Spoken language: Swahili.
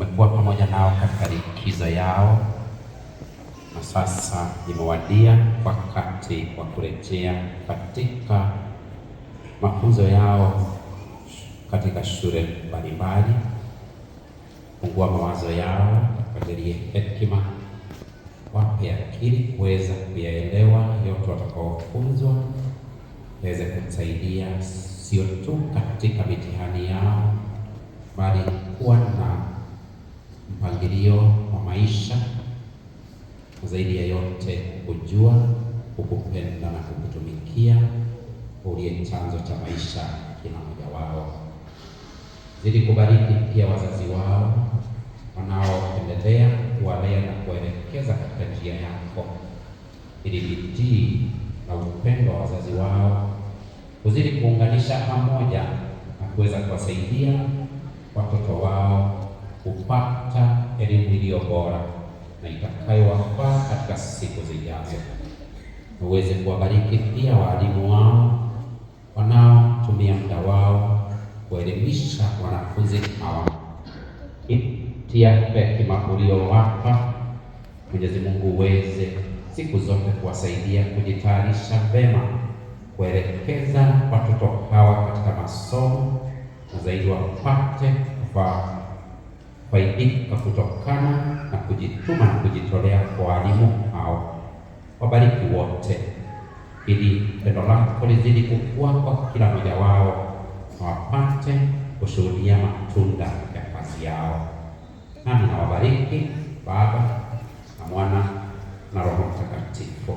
umekuwa pamoja nao katika likizo yao, na sasa imewadia wakati wa kurejea katika mafunzo yao katika shule mbalimbali. Fungua mawazo yao, wajalie hekima, wape akili kuweza kuyaelewa yote watakaofunzwa, waweze kumsaidia sio tu katika mitihani yao, bali kuwa na mpangilio wa maisha, zaidi ya yote kujua kukupenda na kukutumikia, uliye chanzo cha maisha kila mmoja wao. Zidi kubariki pia wazazi wao wanaoendelea kuwalea na kuelekeza katika njia yako, ili bidii na upendo wa wazazi wao kuzidi kuunganisha pamoja na kuweza kuwasaidia watoto wao kupata iliyo bora na itakayowafaa katika siku zijazo. Uweze kuwabariki pia waalimu wao wanaotumia muda wao kuelimisha wanafunzi hawa, tia hekima uliowapa Mwenyezi Mungu, uweze siku zote kuwasaidia kujitayarisha vema kuelekeza watoto hawa katika masomo na zaidi wapate kufaa kuaidika kutokana na kujituma na kujitolea kwa walimu hao. Wabariki wote ili pendo lako lizidi kukua kwa kila mmoja wao na wapate kushuhudia matunda ya kazi yao. Nami nawabariki Baba na Mwana na Roho Mtakatifu.